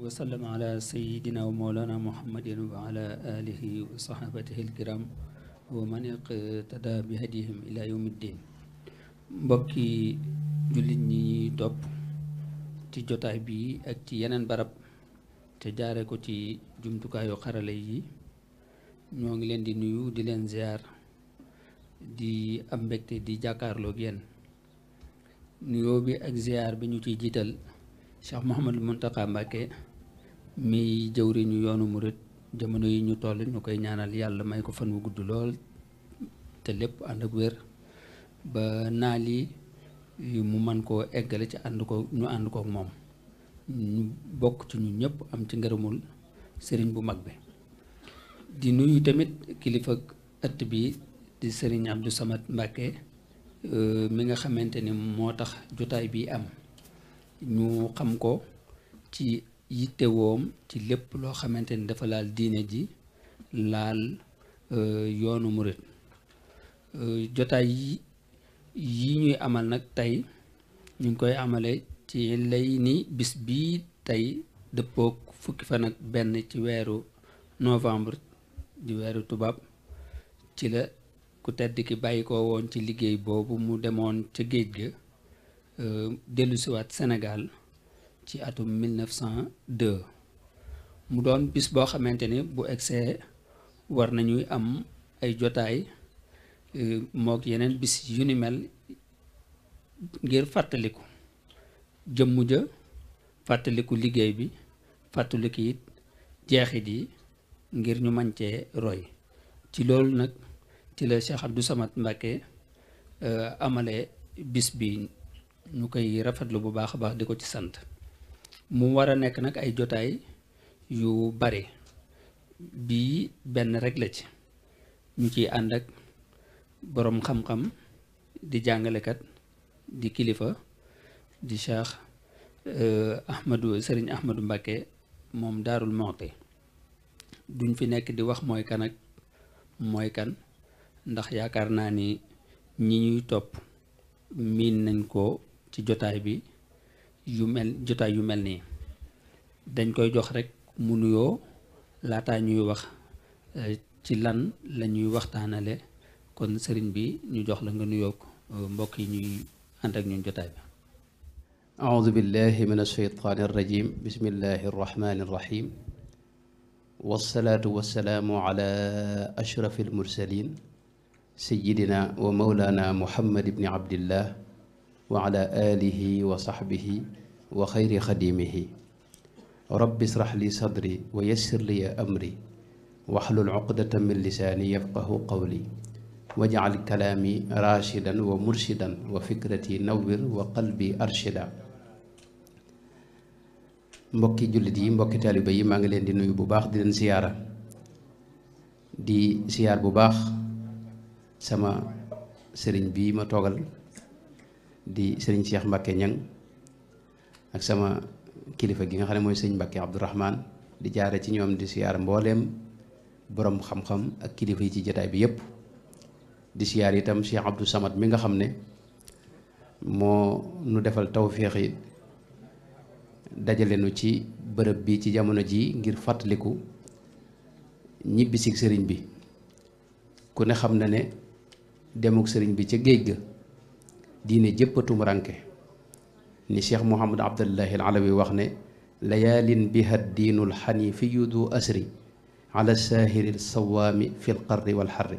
وسلم على سيدنا ومولانا محمد وعلى آله وصحابته الكرام ومن اقتدى بهديهم إلى يوم الدين بكي جلني دب تيجو بي اك تي يانن بارب تجاركو تي جمتوكا يو خرالي نيوغي لين دي نيو دي لين زيار دي امبكتي دي جاكار لوغين نيو بي اك زيار بي تي جيتال شاف محمد المنتقى مكه mi jëwriñu yoonu murit jamono yi ñu toll ñu koy ñaanal yàlla may ko fan wu gudd lool te lépp ànd ak wér ba naal yi mu man koo eggale ci ànd ko ñu ànd kook moom ñu bokk ci ñu ñëpp am ci ngërëmul sëriñ bu mag bi di nuyu tamit kilifa ëtt bi di sëriñ Abdou Samad Mbàkke euh, mi nga xamante ni moo tax jotaay bii am ñu xam ko ci yittewoom ci lépp loo xamante ni dafa laal diine ji laal euh, yoonu murit euh, jotaay yi yi ñuy amal nag tey ñu ngi koy amale ci lay ni bis bi tey dëppook fukki fan benn ci weeru novembre di weeru tubaab ci la ku tedd ki bàyyi ko woon ci liggéey boobu mu demoon ca géej ga euh, dellusiwaat senegaal ci atum 1902 mu doon bis boo xamante ni bu egsee war nañuy am ay jotaay e, mook yeneen bis yu ni mel ngir fàttaliku jëmm ja fàttaliku liggéey bi fàttaliku it jeexit yi ngir ñu mën cee roy ci loolu nag ci la Cheikh Abdou Samad Mbacké e, amale bis bi ñu koy rafetlu bu baax a baax di ko ci sant mu war a nekk nag ay jotaay yu bare bii benn rek la ci ñu ciy ànd ak boroom xam-xam di jàngalekat di kilifa di Cheikh eh, Ahmadu Sëriñ Ahmadu Mbàkke moom Daarul Muxti duñ fi nekk di wax mooy kan ak mooy kan ndax yaakaar naa ni ñi ñuy topp miin nañ ko ci jotaay bi yu mel jotaay yu mel nii dañ koy jox rek mu nuyoo laataa ñuy wax ci lan la ñuy kon sëriñ bi ñu jox la nga nuyoo mbokk yi ñuy ànd ak ñun jotaay bi أعوذ بالله من الشيطان الرجيم بسم الله الرحمن الرحيم والصلاة والسلام على أشرف المرسلين سيدنا ومولانا محمد بن عبد الله وعلى آله وصحبه وخير خديمه رب اشرح لي صدري ويسر لي أمري واحلل عقدة من لساني يفقه قولي واجعل كلامي راشدا ومرشدا وفكرتي نور وقلبي أرشدا mbokki جلدي yi mbokki taaliba yi maa ngi دي di دي bu baax di leen siyaara di siyaar di sëriñ Cheikh Mbacke ñan ak sama kilifa gi nga xam ne mooy sëñ Mbacke Abdourahman di jaare ci ñoom di siyaar mbooleem borom xam-xam ak kilifa yi ci jataay bi yépp di siyaar itam Cheikh Abdou Samad mi nga xam ne moo nu defal tawféex yi dajale nu ci bërëb bi ci jamono ji ngir fàttaliku ñibbisig sëriñ bi ku ne xam na ne demuk sëriñ bi ca géej ga دين جبتوم تمرانك ني محمد عبد الله العلوي واخني ليال بها الدين الحنيفي ذو اسري على الساهر الصوام في القر والحر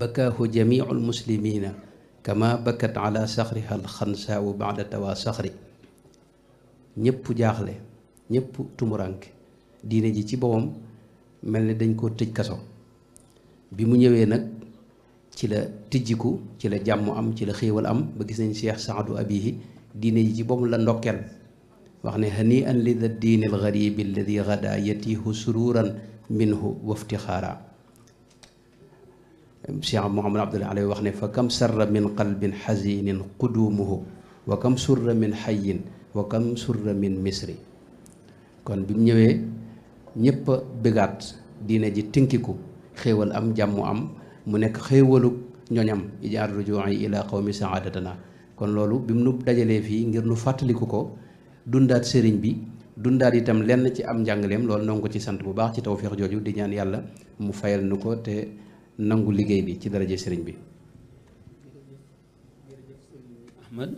بكاه جميع المسلمين كما بكت على صخرها الخنساء بعد توا صخري نيب جاخلي نيب تومرانك دين جي سي بوم ملني دنج كو تيج كاسو بيمو نيوي نك ci la tijjiku ci la jàmm am ci la xewal am ba gis nañ Cheikh Saadu abihi diine ji bom la ndokkeel wax ne hani an li da diini al gharib alladhi ghada yatihu sururan minhu iftikhara Cheikh Mouhamad Abdoulaye ali wax ne fa kam sarra min qalbin hazinin qudumuhu wa kam surra min hayyin wa kam surra min misri kon bi ñewé ñépp begat diine ji tinkiku xewal am jàmm am mu nek xéewalug ñoñam ijaar rujuu'i ila qawmi saadatana kon lolu bi mu nu dajalee fii ngir nu fàttaliku ko dundat serigne bi dundat itam len ci am jangalem lolu nangu ko ci sante bu baax ci tawfiq joju di ñaan yalla mu fayal nuko te nangu liggey bi ci daraje serigne bi Ahmad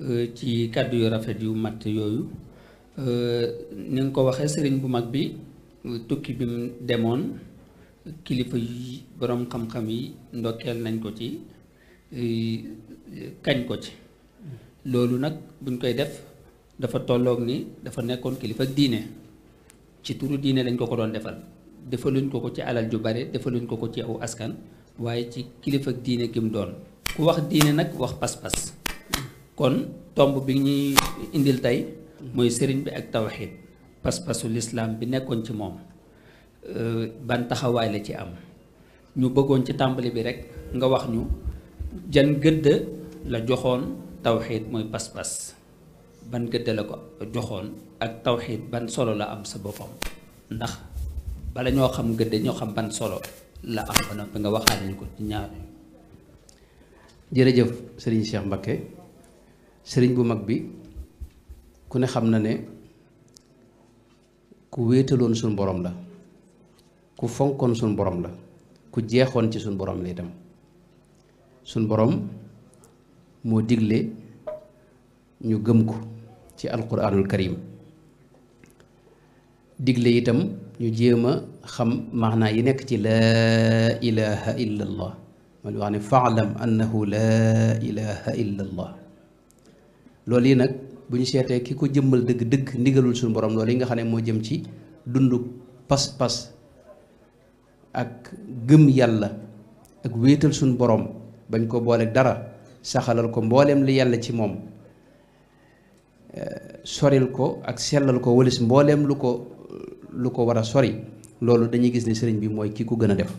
euh, ci kaddu yu rafet yu matt yooyu euh, ni nga ko waxe serigne bu mag bi euh, tukki bi demone kilifa yi boroom xam-xam yi ndokkeel nañ ko ci eh, kañ ko ci loolu nag buñ koy def dafa tollook ni dafa nekkoon kilifa diine ci turu diine lañ ko ko doon defal defaluñ ko ko ci alal ju bare defaluñ ko ko ci aw askan waaye ci kilifa diine gi mu doon ku wax diine nag wax pas-pas kon tomb bi ñuy indil tey mooy sëriñ bi ak tawxiid pas-pasu lislaam bi nekkoon ci moom Euh, ban taxawaay la ci am ñu bëggoon ci tàmbali bi rek nga wax ñu jan gëdd la joxoon tawxiid mooy pas-pas ban gëdd la ko joxoon ak tawxiid ban solo la am sa boppam ndax bala ñoo xam gëdd ñoo xam ban solo la am ba noppi nga waxaale ñu ko ci ñaar jërëjëf sëriñ Cheikh Mbacké sëriñ bu mag bi ku ne xam na ne ku wéetaloon suñu borom la ku fonkoon suñu boroom la ku jeexoon ci suñu borom la itam suñ boroom moo digle ñu gëm ko ci alquranul karim digle itam ñu jéem a xam maanaa yi nekk ci laa ilaha illa allah wax ne faalam annahu laa ilaha illa yi nag bu ñu seetee ki ko jëmmal dëgg-dëgg ndigalul suñu borom loolu yi nga xam ne moo jëm ci dund pas-pas ak gëm yàlla ak wéetal suñu boroom bañ ko booleeg dara saxalal ko mbooleem li yàlla ci moom eh, soril ko ak sellal ko walis mbooleem lu ko lu ko war a sori loolu dañuy gis ne sëriñ bi mooy kii ko gën a def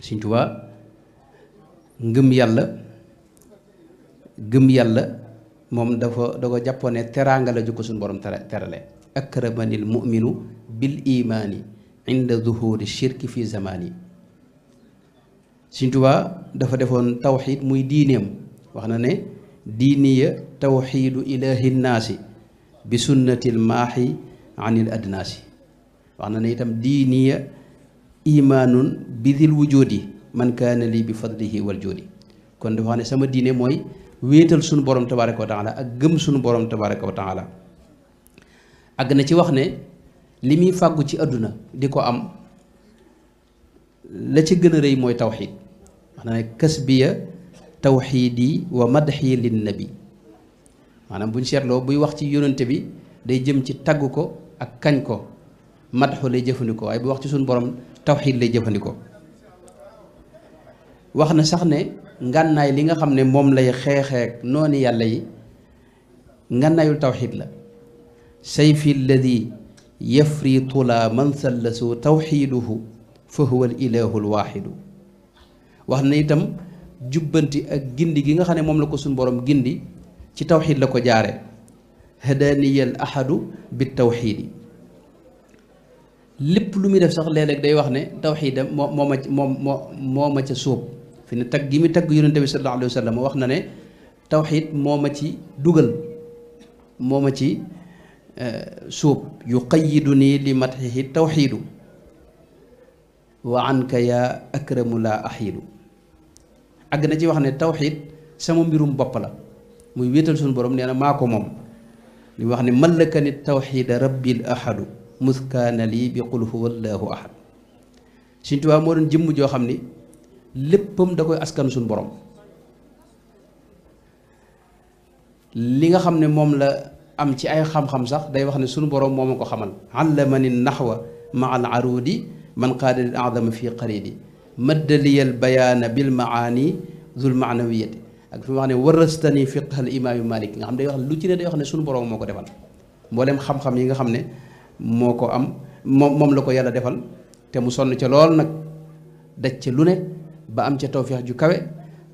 Sëriñ Tuubaa ngëm yàlla gëm yàlla moom dafa da ko jàppoon ne teraanga ju ko suñu borom terale akramanil mu'minu bil imaani inda zuhuri shirki fi zamani Sëñ Tuubaa dafa defoon tawxiid muy diineem wax na ne diiniya tawxiidu ilaahi naasi bi sunnatil maaxi anil adnaasi wax na ne itam diiniya imaanun bi dil wujudi man kaana lii bi fadlihi wal joodi kon dafa wax ne sama diine mooy wéetal sunu borom tabaaraka wa taala ak gëm sunu borom tabaaraka wa taala àgg na ci wax ne li muy fàggu ci àdduna di ko am la ci gën a rëy mooy tawxiid maanaam kasbiya tawxiid yi wa madxi lin nabi maanaam buñ seetloo buy wax ci yónnante bi day jëm ci tagg ko ak kañ ko jëfandikoo waaye bu wax ci suñu borom tawxiid lay jëfandikoo wax na sax ne ngànnaay li nga xam ne moom lay xeexeek noonu yàlla yi ngànnaayul tawxiit la sayfi alladi يفري طلا من ثلث توحيده فهو الاله الواحد وخنا نيتام جوبنتي اك گيندي گيغا خاني موم لاكو سون بوروم گيندي تي توحيد لاكو جاري هداني الاحد بالتوحيد لب لومي داف صاح ليلك داي واخني توحيد موما موما موما تي سوب فين تاك گيمي تاك يونتبي صلى الله عليه وسلم واخنا ني توحيد موما تي دوغل موما تي سوب يقيدني لمدحه التوحيد وعنك يا اكرم لا احيد اغنا جي واخني التوحيد سامو ميروم بوبلا موي ويتال سون بوروم نانا ماكو موم لي واخني ملكني التوحيد ربي الاحد مذ لي بقل هو الله احد سين توا مودن جيم جو خامني ليبم داكوي اسكان سون بوروم ليغا خامني موم لا am ci ay xam-xam sax day wax ne sunu borom moma ko xamal allamani nahwa maa al arudi man al-a'zam fi adama fii li al-bayan bil maani dhul maanawiyati ak fi wax ne warastani al-imam malik nga xam day wax lu ci ne day wax ne sunu borom moko defal mboolem xam-xam yi nga xam ne moko am mom la ko yàlla defal te mu sonn ci lol nak dacc lu ne ba am ci tawfiq ju kawe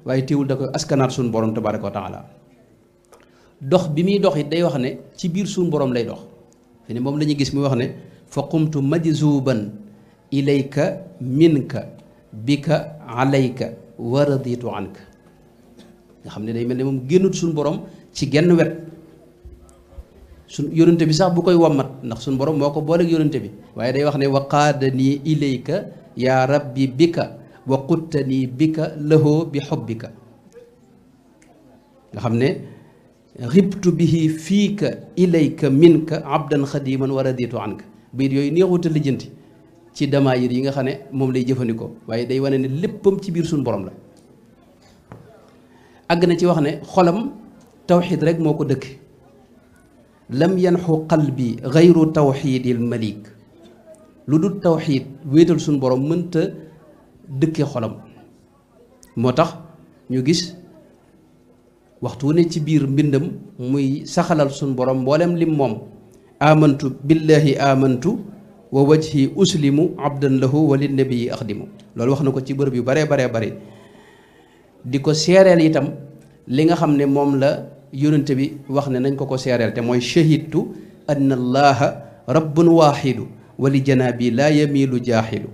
waye teewul da koy askanat sunu borom tabaaraku taala dox bi muy dox it day wax ne ci biir suñu borom lay dox fi ne moom la ñuy gis muy wax ne fa qumtu majzuban ilayka minka bika alayka wa anka nga xamne day melni mom génnut sun borom ci genn wet suñ yoonte bi sax bu koy wamat ndax sun borom moko ko booleeg yónente bi waye day wax ne wa qadani ilayka ya rabbi bika wa qutni bika lahu bi hubbika nga xamne ربت به فيك إليك منك عبدا خديما ورديت عنك بير يوي نيغوت لي جنتي تي دمائر ييغا خاني موم لي جيفانيكو واي داي واني ني ليبم تي بير سون بروم لا اغنا تي واخني خولم توحيد رك موكو دك لم ينحو قلبي غير توحيد الملك لودو توحيد ويتال سون بروم منت دكي خولم موتاخ نيو غيس waxtu ne ci biir mbindam muy saxalal sun borom mboolem lim moom amantu billahi amantu wa wajhi uslimu abdan lahu wa linnabii axdimu loolu wax na ko ci bërëb yu bare bare bare di ko seereel itam li nga xam ne moom la yonent bi wax ne nañ ko ko seereel te mooy shahidtu anna allaha rabbun waaxidu wali janaabi laa yamiilu jaaxidu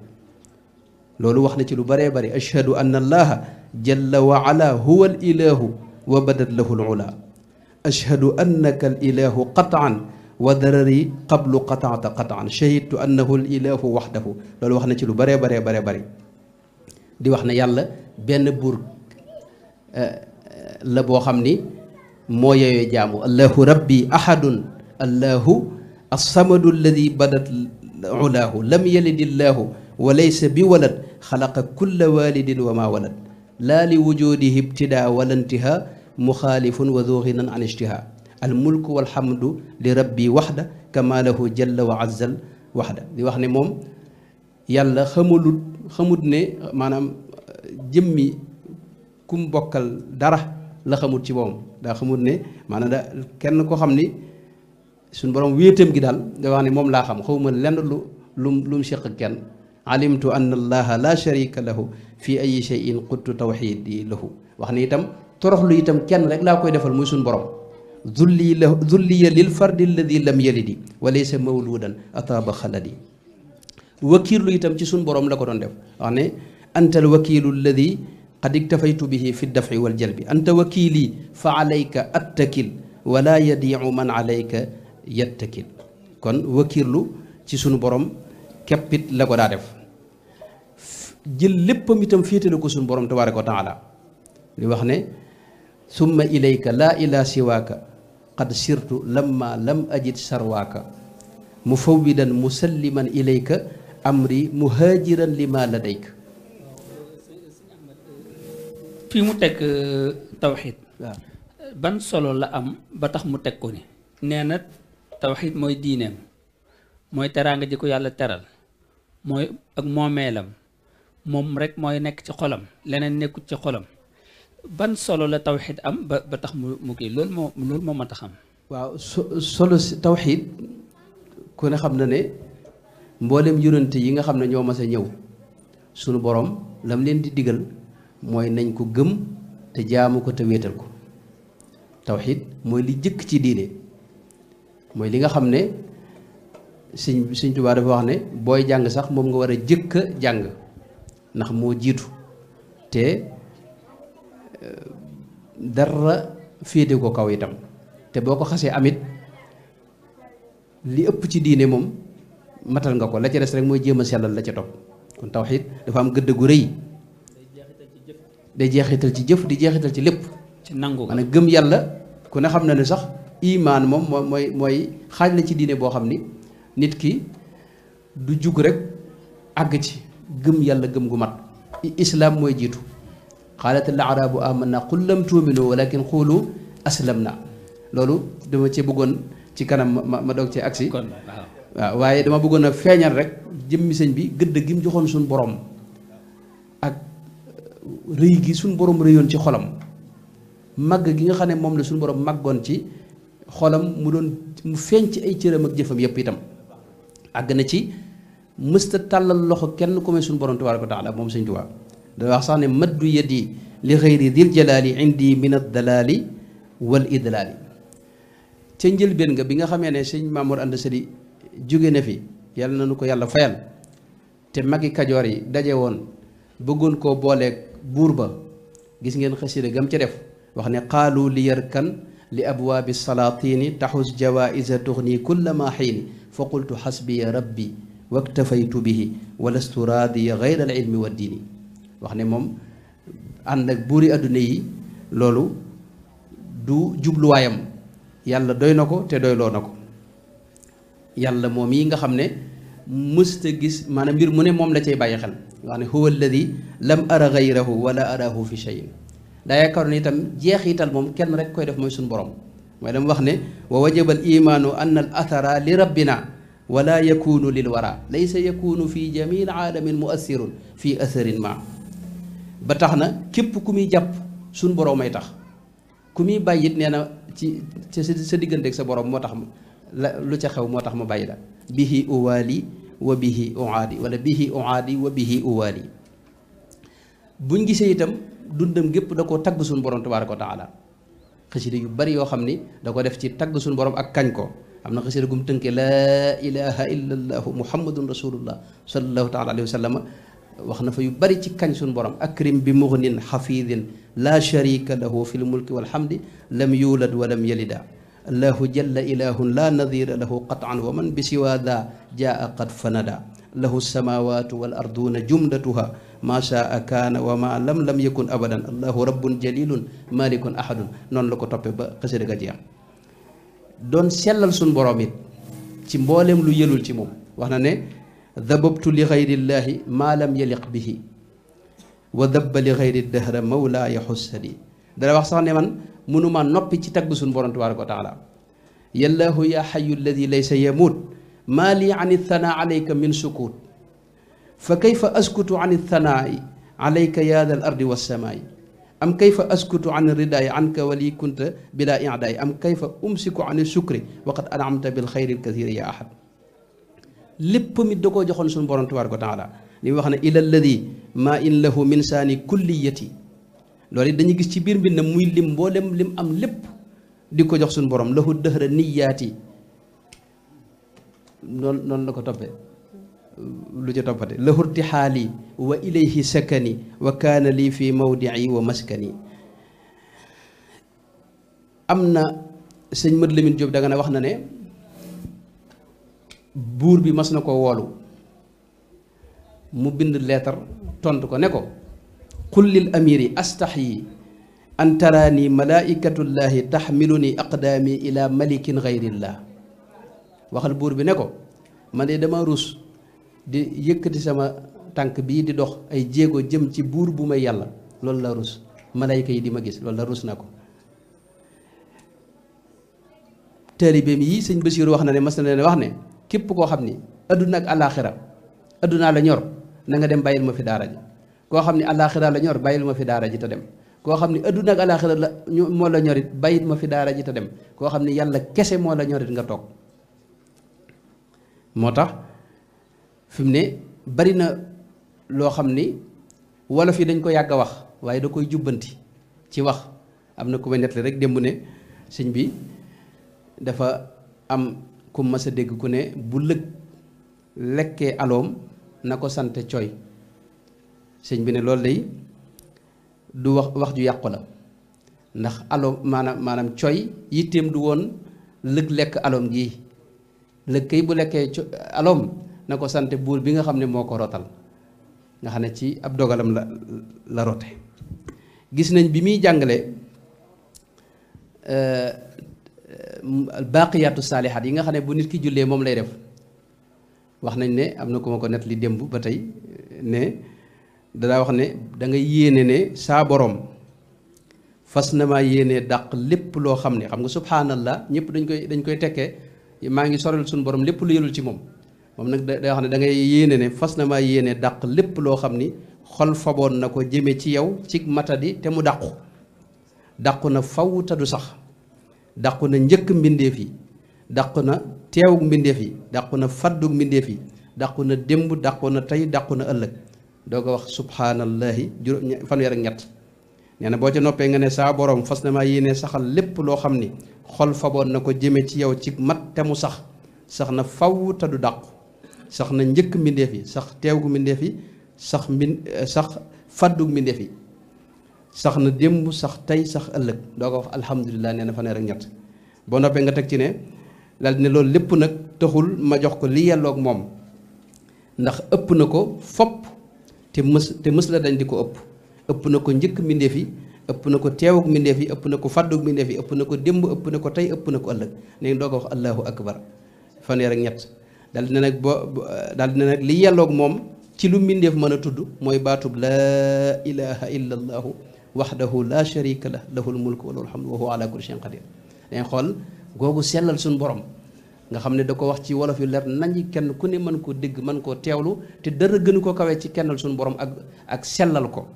loolu wax na ci lu bare bare ashhadu anna allaha jalla wa ala huwa al ilahu وبدت له العلا أشهد أنك الإله قطعا وذرري قبل قطعت قطعا شهدت أنه الإله وحده لولو وخنا تي لو بري بري بري بري دي وخنا يالا بن بور لا بو خامني مو يوي جامو الله ربي أحد الله الصمد الذي بدت علاه لم يلد الله وليس بولد خلق كل والد وما ولد لا لوجوده ابتداء ولا انتهاء مخالف وذو غنى عن اجتهاد الملك والحمد li rabbi waxda kama lahu jalla wa azzal waxda di wax ne moom yàlla xamulut xamut ne maanaam jëmmi kum bokkal dara la xamut ci moom daa xamut ne maanaam da kenn ko xam ni suñu borom wéetam gi daal da wax ne moom laa xam xawma lenn lu lum lu mu seq kenn alimtu anna allaha la sharika lahu fi ayi cheyin quttu tawxidi lahu wax ni itam toroxlu itam kenn rek laa koy defal muy suñu borom zulli la zulliya lil fardi alladi lam yalidi wa laysa mawludan ataaba xaladi wakiirlu itam ci suñu borom la ko doon def wax ne antal wakiilu alladi qad iktafaytu bihi fi dafci wal jalbi anta wakiili fa alayka attakil wala yadiicu man alayka yattakil kon wakiirlu ci suñu borom kepit la ko daa def jël léppam itam féetale ko suñu borom tabaaraka taala li wax ne ثم إليك لا إلى سواك قد سرت لما لم أجد سرواك مفودا مسلما إليك أمري مهاجرا لما لديك في متك توحيد بن صلو لا أم بطخ متكوني نانت توحيد موي دينم موي ترانج ديكو يالا ترال موي أك مو ميلم موم رك موي نك تخولم لنن نكو تخولم ban solo la tawxiid am ba tax mu mu kii loolu moo loolu moo ma tax am waaw solo si tawxiid ku ne xam na ne mboolem yonent yi nga xam ne ñoo mas ñëw sunu borom lam leen di digal mooy nañ ko gëm te jaamu ko te wéetal ko tawxiit mooy li jëkk ci diine mooy li nga xam ne sëñ sëñ Tuubaa dafa wax ne booy jàng sax moom nga war a jëkk jàng ndax moo jiitu te dara féete ko kaw itam te boko xasse amit li ëpp ci diine moom matal nga ko la ci des rek mooy jéem a sellal la ca top kon tawhid dafa am gëdd gu rëy day jeexital ci jëf di jeexital ci lépp ci nangu maanaam gëm yàlla ku ne xam na ne sax imaan moom mooy mooy xaaj la ci diine boo xam ni nit ki du jug rek àgg ci gëm yàlla gëm gu mat islam mooy jiitu qalat al arabu amanna qul lam tu'minu walakin qulu aslamna lolu dama ci bëggoon ci kanam ma dog ci aksi waaw ah, waaye dama bëggoon a feeñal rek jëmmi bi gëdd gi mu joxoon borom ak rëy gi borom rëyoon ci xolam màgg gi nga xam borom màggoon ci xolam mu doon mu feeñ ci ay cëram ak jëfam yépp itam àgg na ci mësta tàllal borom tabaraka taala moom sëñ tubaab da wax sax ne maddu yadi li xëyri dil jalaali indi min addalaali wal idlaali ca njëlbéen nga bi nga xamee ne sëñ Mamour Anta Sali jóge na fi yàlla na nu ko yàlla fayal te magi kajoor yi daje woon bëggoon koo booleeg buur ba gis ngeen xasida gam ci def wax ne qaalu li yarkan li abwaabi salaatini taxus jawaisa tuxni kulla ma xiini fa qultu xasbiya rabbi waktafaytu bihi walastu raadiya gayra al ilmi wa diini wax ne moom ànd ak buuri adduna yi loolu du jubluwaayam yàlla doy na ko te doyloo na ko yàlla moom yi nga xam ne mësta gis maanaam mbir mu ne moom la cay bàyyi xel wax ne huwa alladi lam ara gayrahu wala arahu fi cheyin daa yaakaar ne itam jeexital moom kenn rek koy def mooy suñu borom mooy dama wax ne wa wajaba al imaanu an al athara li rabbina wala yakunu lil wara laysa yakunu fi jamil aalamin muassirun fi atharin ma ba tax na képp ku muy jàpp suñ borom may tax ku muy bàyyit it nee na ci sa diggante ak sa borom moo tax la lu ca xew moo tax mu bàyyi la bihi uwaali wa bihi uaadi wala bihi uaadi wa bihi uwaali buñ gisee itam dundam gépp da koo tagg suñu borom tabaaraka wa taala xasida yu bari yoo xam ni da ko def ci tagg suñu borom ak kañ ko am na xasida gum tënkee laa ilaha illa allahu muhammadun rasulullah sallallahu taala alayhi wa sallama واخنا فا يو بري سون بوروم اكرم بمغن حفيظ لا شريك له في الملك والحمد لم يولد ولم يلد الله جل اله لا نظير له قطعا ومن بسوى ذا جاء قد فندى له السماوات والارضون جملتها ما شاء كان وما لم لم يكن ابدا الله رب جليل مالك احد نون لوكو توبي با قصيده غاديا دون سيلال سون بوروميت تي مبولم لو ييلول تي موم واخنا ذببت لغير الله ما لم يلق به وذب لغير الدهر مولا يحسني دا واخ سان نعم. من ما نوبي تي تاغ سون بورن تبارك وتعالى يالله يا حي الذي ليس يموت ما لي عن الثناء عليك من سكوت فكيف اسكت عن الثناء عليك يا ذا الارض والسماء ام كيف اسكت عن الرداء عنك ولي كنت بلا اعداء ام كيف امسك عن الشكر وقد انعمت بالخير الكثير يا احد lépp mi da koo joxoon suñu borom war ko taala li mu wax na ila lladi maa in lahu min kulliyati loolu dañuy gis ci biir mbind na muy lim mboolem lim am lépp di ko jox suñ borom lahu dëhra niyaati noonu noonu la ko toppee lu ca toppate lahu irtixaali wa ilayhi sakani wa kaana lii fi mawdici wa maskani am na sëñ Mad Lamin Jóob da nga ne wax na ne buur bi mas na ko woolu mu bind leetar tontu ko ne ko qul lil amiri astaxyi an taraani malaikatullahi taxmiluni aqdaami ila malikin gayrillah waxal buur bi ne ko man de dama rus di yëkkati sama tànk bii di dox ay jéego jëm ci buur bu may yàlla loolu la rus malayka yi di ma gis loolu la rus na ko taalibeem yi sëñ Basiiru wax na ne mas na leen wax ne képp koo xam ni adduna ak àllaaxira addunaa la ñor na nga dem bàyyil ma fi daara ji koo xam ni àllaaxira la ñor bàyyil ma fi daara ji te dem koo xam ni adduna ak àllaaxira la ñu moo la ñorit bàyyil ma fi daara ji te dem koo xam ni yàlla kese moo la ñorit nga toog moo tax fi mu ne bari na loo xam ni wolof yi dañ ko yàgg wax waaye da koy jubbanti ci wax am na ku may nettali rek démb ne sëñ bi dafa am ku mas a dégg ku ne bu lëg lekkee aloom na ko sant coy sëñ bi ne loolu day du wax wax ju yàqu la ndax aloom maanaam maanaam coy yitteem du woon lëg lekk aloom gii lëg kay bu lekkee aloom na ko sant buur bi nga xam ne moo ko rotal nga xam ne ci ab dogalam la la rote gis nañ bi muy jàngale euh, baaqiyaatu saalihaat yi nga xam ne bu nit ki jullee moom lay def wax nañ ne am na ku ma ko net li démb ba tey ne dadaa wax ne dangay yéene ne saa boroom fas na maa yéene dàq lépp loo xam ne xam nga subhaanallah ñëpp dañ koy dañ koy tekkee maa ngi sorel suñu borom lépp lu yelul ci moom moom nag day wax ne da ngay yéene ne fas na maa dàq lépp loo xam ni xol faboon na ko jëme ci yow ci matadi te mu dàqu daq na faw te sax dàqu na njëkk mbindeef yi dàqu na teewug mbindeef yi dàqu na faddug mbindeef yi dàqu na démb dàqu na tey dàqu na ëllëg doo ko wax subhaanallahi juróom fanweer ñett nee na boo ca noppee nga ne saa boroom fas na maa yéene saxal lépp loo xam ni xol faboon na ko jëme ci yow ci mat te mu sax sax na faw te du dàqu sax na njëkk mbindeef yi sax teewug mbindeef yi sax mbin sax faddug mbindeef yi sax na démb sax tey sax ëllëg doo ko wax alhamdulilah nee na fanweer ak ñett boo noppee nga teg ci ne daal ne loolu lépp nag taxul ma jox ko li yelloog moom ndax ëpp na ko fopp te mës te mës la dañ di ko ëpp ëpp na ko njëkk mbindeef yi ëpp na ko teewug mbindeef yi ëpp na ko fàddug mbindeef yi ëpp na ko démb ëpp na ko tey ëpp na ko ëllëg léegi doo ko wax allahu akbar fanweer ak ñett daal dina nag boo daal dina nag li yelloog moom ci lu mbindeef mën a tudd mooy baatub laa ilaha illa allahu wax waxdahu la sharika lah lahul mulk wa lahul hamdu wa huwa ala kulli shay'in qadir dañ xool googu sellal suñu borom nga xam ne da ko wax ci wolof yu leer nañ kenn ku ne mën koo dégg mën koo teewlu te dara gënu ko kawee ci kennal suñu borom ak ak sellal ko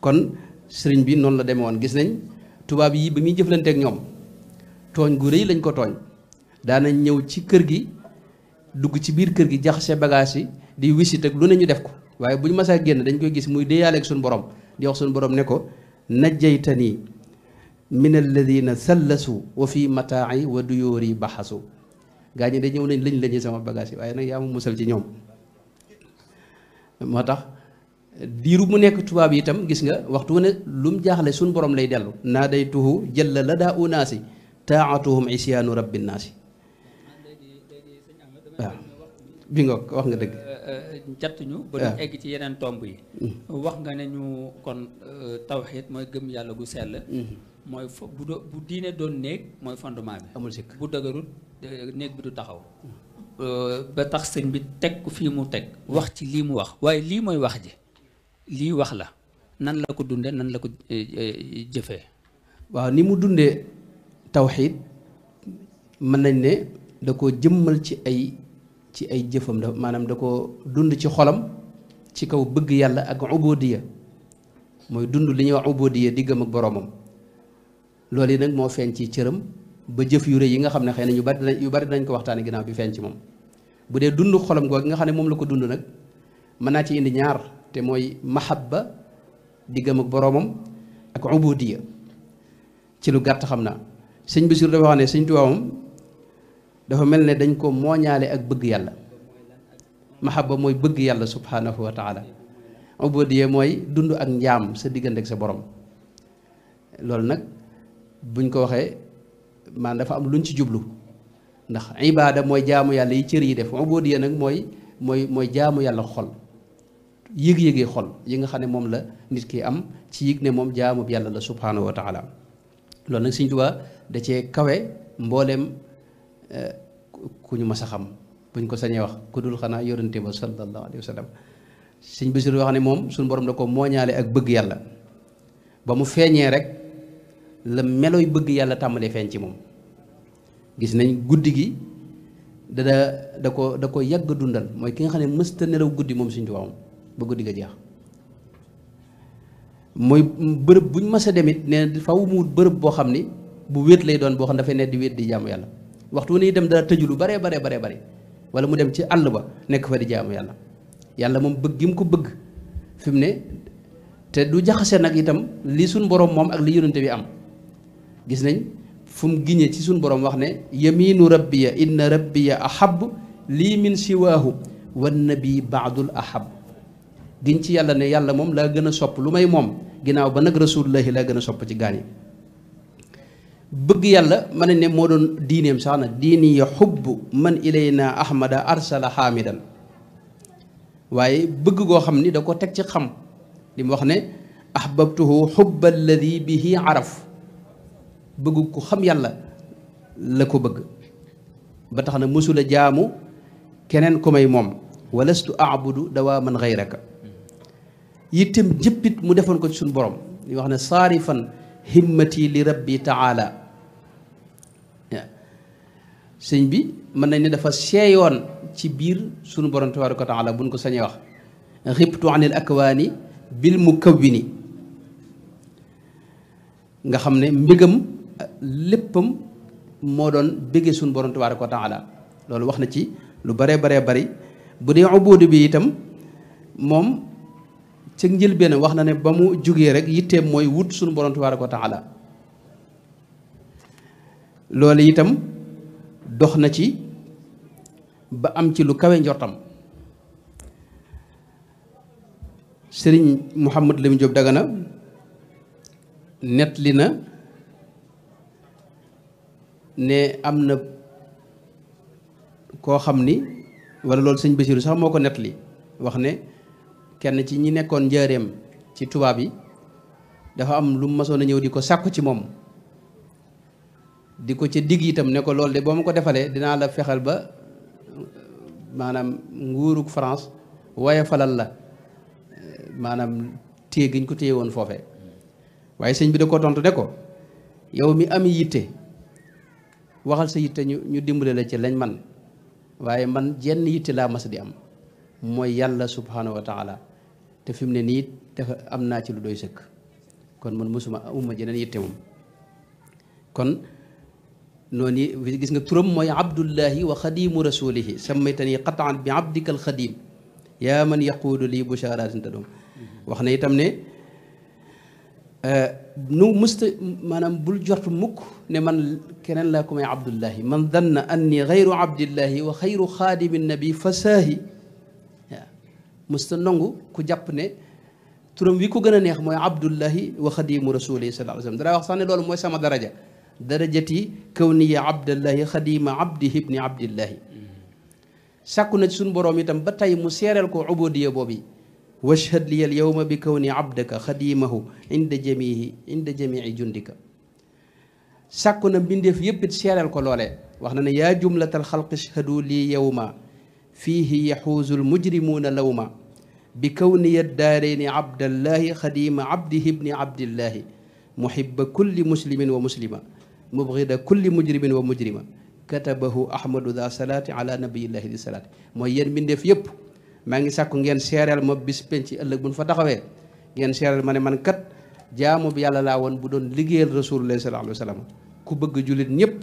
kon sëriñ bi noonu la demee woon gis nañ tubaab yi ba muy jëflanteek ñoom tooñ gu rëy lañ ko tooñ daanañ ñëw ci kër gi dugg ci biir kër gi jaxase bagage yi di wisit ak lu ne ñu def ko waaye bu ñu masaa génn dañ koy gis muy déeyaaleeg suñu borom di wax suñu borom ne ko najjaytani min alladina sallasu wa fi mataa'i wa duyóori baxasu gaa ñi de ñëw nañ lañ lañu sama bagage yi waaye nag yaa ma musal ci ñoom moo tax diiru mu nekk tubaab yi itam gis nga waxtu wu ne lum jaaxle suñ boroom lay dellu naa day tuhu jëlla la daa unaasi taatuhum isyaanu rabbi naasi waaw bi nga wax nga dëgg njatt euh, ba ñu ah. egg ci yeneen tomb yi mm. wax nga ne ñu kon euh, tawxiid mooy gëm yàlla gu sell mm-hmm. mooy fo bu bu diine doon néeg mooy fondement bi amul sikk bu dëgërut euh, néeg bi du taxaw mm. ba tax sëñ bi teg ku fi mu teg wax ci lii mu wax waaye lii mooy wax ji lii wax la nan la ko dundee nan la ko jëfee waaw ni mu dundee tawxiid mën nañ ne da ko jëmmal ci ay ci ay jëfëm da manam da ko dund ci xolam ci kaw bëgg yàlla ak ubudiya mooy dund li ñuy wax ubudiya diggam ak boromam loolu yi nag moo feeñ ci cërëm ba jëf yu rëy yi nga xam ne xëy na ñu bari yu bari dañ ko waxtaane ginnaaw bi feeñ ci moom bu dee dund xolam googu nga xam ne la ko dund nag mën naa ci indi ñaar te mooy mahabba diggam ak boromam ak ubudiya ci lu gàtt xam naa sëñ sur dafa wax ne sëñ dafa mel ne dañ ko mooñaale ak bëgg yàlla mahabba mooy bëgg yàlla subhanahu wa taala ubudiyya mooy dund ak njaam sa diggante sa borom loolu nag buñ ko waxee maanaam dafa am luñ ci jublu ndax ibaada mooy jaamu yàlla yi cër yi def ubudiyya nag mooy mooy mooy jaamu yàlla xol yëg-yëgi xol yi nga xam ne moom la nit ki am ci yëg ne moom jaamu yàlla la subhanahu wa taala cee kawe mbooleem kuñu ñu xam buñ ko sañé wax kudul dul xanaa ba sallallahu alaihi wasallam señ bisir wax ni mom suñu borom da ko moñalé ak bëgg yalla ba mu feeñee rek le meloy bëgg yalla tamalé feeñ ci mom gis nañ guddi gi da da ko da ko yàgg dundal moy ki nga xamné mësta nelaw guddi mom señ tuwaam ba guddi ga jeex moy bërëb buñ mës demit né mu bo xamni bu wét lay doon bo xamna fa di di jamm yalla waxtu wu ñuy dem dana tëju lu baree baree baree bare wala mu dem ci àll ba nekk fa di jaamu yàlla yàlla moom bëgg gi mu ko bëgg fi mu ne te du jaxase nag itam li suñ borom moom ak li yonente bi am gis nañ fu mu giñee ci suñ borom wax ne yaminu rabbiya inna rabbiya ahab lii min siwaahu wannabi baadul ahab giñ ci yàlla ne yàlla moom laa gën a sopp lu may moom ginnaaw ba nag rasulullahi laa gën a sopp ci gaan yi bëgg yàlla mën nañ ne moo doon diineem sax nag diini ya xubbu man ilayna ahmada arsala xaamidan waaye bëgg goo xam ni da ko teg ci xam li mu wax ne ahbabtuhu xubba alladi bihi araf bëgg ku xam yàlla la ko bëgg ba tax na mësula jaamu keneen ku may moom walastu abudu dawaa man gayraka yittem jëppit mu defoon ko ci suñu borom li wax ne saarifan himmati li rabbi taala sëñ bi mën nañ ne dafa seeyoon ci biir suñu borom tabaraka wa taala buñ ko sañee wax xibtu anil akwaani bil mukawwini nga xam ne mbégam léppam moo doon béggee sunu borom tabaraka wa loolu wax na ci lu baree baree bari bu dee ubudu bi itam moom ci njëlbéen wax na ne ba mu jógee rek yitteem mooy wut suñu borom tabaaraka ko taala loolu itam dox na ci ba am ci lu kawe njortam sëriñ Mouhamadou Lamine Diop Dagana nettali na ne am na koo xam ni walla loolu sëñ Basiru sax moo ko nettali wax ne kenn ci ñi nekkoon njëreem ci tubaab yi dafa am lu mu masoon a ñëw di ko sàkku ci moom di ko ca digg itam ne ko loolu de boo ma ko defalee dinaa la fexal ba maanaam nguurug France waaye falal la maanaam téye gi ko téye woon foofe waaye sëñ bi da ko tontu ne ko yow mi am yitte waxal sa yitte ñu ñu dimbale la ci lañ man waaye man jenn yitte laa mas di am mooy yàlla subhanahu wa taala te fi mu ne nii dafa am naa ci lu doy sëkk kon man mosuma umma jeneen yitte moom kon noonu gis nga turam mooy abdullahi wa xadimu rasulihi sammaytani qataan bi abdika alxadim yaa man yaquulu lii bushaaratin ta doom wax na itam ne nu musta maanaam bul jort mukk ne man keneen laa ko may abdullahi man danna anni xayru abdillahi wa xayru xaadimi nabi fasaahi mësta nangu ku jàpp ne turam wi ko gën a neex mooy abdullahi wa xadimu rasulihi sallallahu alayhi wax sax ne loolu mooy sama daraja darajati kawniya abdullahi xadima abdihi ibni abdillahi sàkku na ci suñu boroom itam ba tey mu seereel ko ubudiya boobu washhad liya al yawma bi kawni abdaka xadimahu jundika sàkku na mbindeef yépp it seereel ko loolee wax na ne yaa jumlatal xalqi shhadu lii yawma فيه يحوز المجرمون لوما بكون الدارين عبد الله خديم عبده ابن عبد الله محب كل مسلم ومسلمة مبغض كل مجرم ومجرمة كتبه أحمد ذا صلاة على نبي الله ذي صلاة مهين من دف يب مان ساكن ين سير المبس بنتي اللي بن فتقوه ين سير المان من كت جامو بيالا لاوان بدون لغي الرسول الله صلى الله عليه وسلم كوبك جولد نيب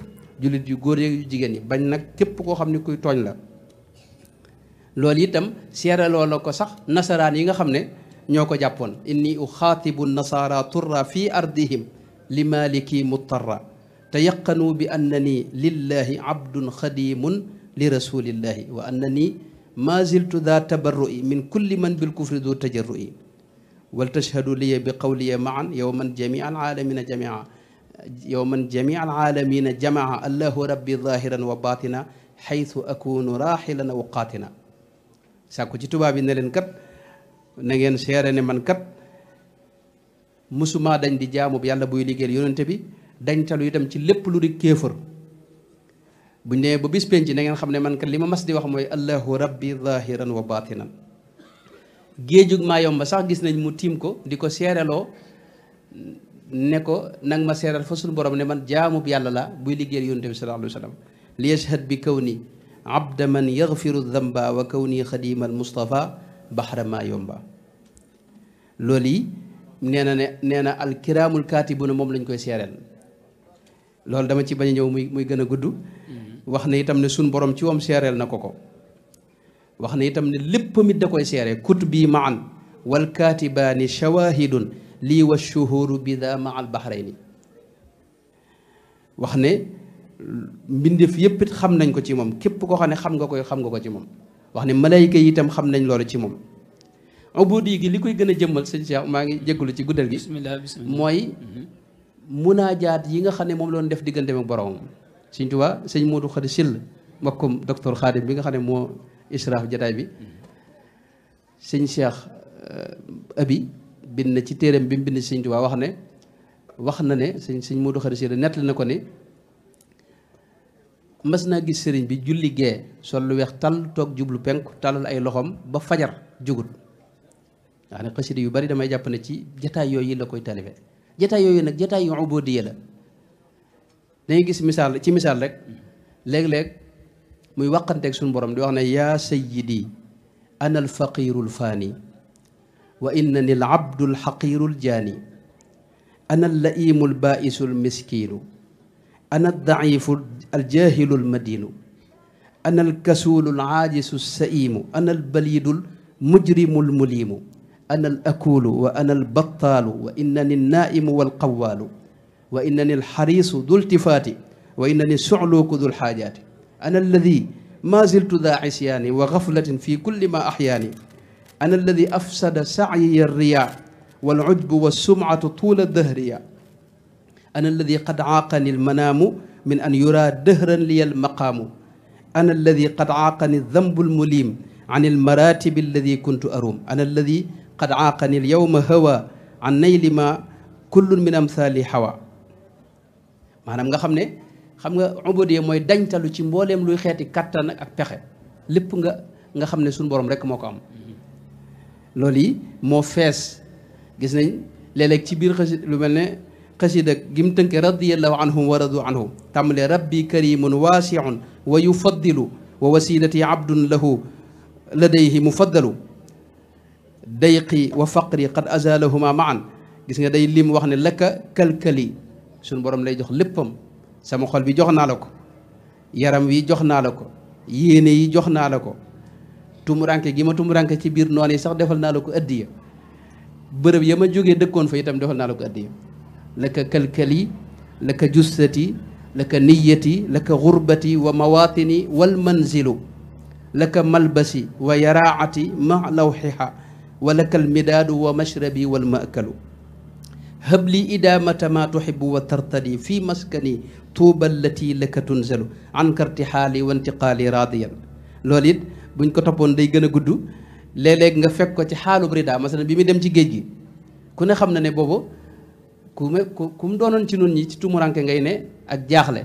جولد يغوري جيجاني بان نك خمني كوي توان لأ loolu itam seeraloo la ko sax nasaraan yi nga xam ne ñoo ko jàppoon inni uxaatibu nasara turra fi ardihim li maliki muttarra tayaqanu bi annani lillahi abdun xadimun li rasulillahi wa annani ma ziltu da tabarru'i min kulli man bil kufri du tajarru'i wal tashhadu liya bi qawliya maan yowman jamia alalamina jamia yowman jamia alalamina jamaa allahu rabbi zahiran wa batina xaytu akunu raxilan sàkku ci tubaab yi ne leen kat na ngeen seere ne man kat musuma dañ di jaamu yàlla buy liggéeyal yonente bi dañ talu itam ci lépp lu di kéefër buñ nee ba bis penc na ngeen xam ne man kat li ma mas di wax mooy allahu rabbi zahiran wa batinan géejug maa yomba sax gis nañ mu tiim ko di ko seereloo ne ko nag ma seeral fa suñu borom ne man jaamub yàlla la buy liggéeyal yonente bi sallallahu alayhi wa sallam li yashhad bi kaw nii عبد من يغفر الذنب وكوني خديم المصطفى بحر ما ينبا لولي نانا نانا الكرام الكاتب موم لا نكوي سيرال لول داما تي باني نيو موي موي غنا غودو واخنا ايتام ني سون بوروم تي ووم سيرال نكو كو واخنا ايتام ني ليب ميت داكوي سيري كتبي معن والكاتبان شواهد لي والشهور بذا مع البحرين واخني mbindeef yépp xam nañ ko ci moom képp koo xam ne xam nga koy xam nga ko ci moom wax ne malayka yi itam xam nañ loolu ci moom ubudi gi li koy gën a jëmmal sëñ Cheikh maa ngi jégalu ci guddal gi mooy mhm. munaajaat yi nga xam ne moom loon def diggante ak boromam sëñ Tuubaa sëñ Moodu Xadi Sill mbokkum docteur Xaadim bi nga xam ne moo israaf jataay bi sëñ Cheikh euh, abi bind na ci téeram bi mu bind sëñ wax ne wax na ne sëñ sëñ Moodu Xadi Sill nettali na ko ne mas naa gis sëriñ bi julli gee sol lu weex tal toog jublu penku talal ay loxoom ba fajar jugut nga xam ne xasida yu bari damay jàpp ne ci jataay yooyu la koy talibe jataay yooyu nag jataay yu ubudiya la dañuy gis misaal ci misaal rek léeg-léeg muy waqanteeg suñu borom di wax ne yaa sayyidi ana alfaqiru alfaani wa innani alabdu alxaqiru aljaani ana allaimu albaisu almiskiinu أنا الضعيف الجاهل المدين أنا الكسول العاجز السئيم أنا البليد المجرم المليم أنا الأكول وأنا البطال وإنني النائم والقوال وإنني الحريص ذو التفات وإنني السعلوك ذو الحاجات أنا الذي ما زلت ذا عصيان وغفلة في كل ما أحياني أنا الذي أفسد سعيي الرياء والعجب والسمعة طول الدهرية أنا الذي قد عاقني المنام من أن يرى دهرا لي المقام أنا الذي قد عاقني الذنب المليم عن المراتب الذي كنت أروم أنا الذي قد عاقني اليوم هوى عن نيل ما كل من أمثالي حوى ما أنا مغا خمني خم عبودي موي دانتالو تي مبولم لوي خيتي كاتان اك فخه ليب nga nga xamne sun borom rek moko am loli mo fess gis nañ قصيدة جمتن رضي الله عنه ورضوا عنه تعمل ربي كريم واسع ويفضل ووسيلتي عبد له لديه مفضل ديقي وفقري قد أزالهما معا جسنا داي لم وخنا لك كالكلي سن بروم لاي جوخ لبم سما خول بي جوخنا لاكو يرام وي جوخنا لاكو ييني جوخنا لاكو تومرانكي جيما تومرانكي سي بير نوني صاح ديفال نالاكو اديا بيرب يما جوغي ديكون فا يتام لك كلكلي لك جثتي لك نيتي لك غربتي ومواطني والمنزل لك ملبسي ويراعتي مع لوحها ولك المداد ومشربي والمأكل هب لي إدامة ما تحب وترتدي في مسكني طوبى التي لك تنزل عنك ارتحالي وانتقالي راضيا لوليد بن كتبون دي toppoon day gën a حالو بريدا مثلا nga fekk ko ci xaalub ku me ku mu doonoon ci noonu ñi ci tumuranke ngay ne ak jaaxle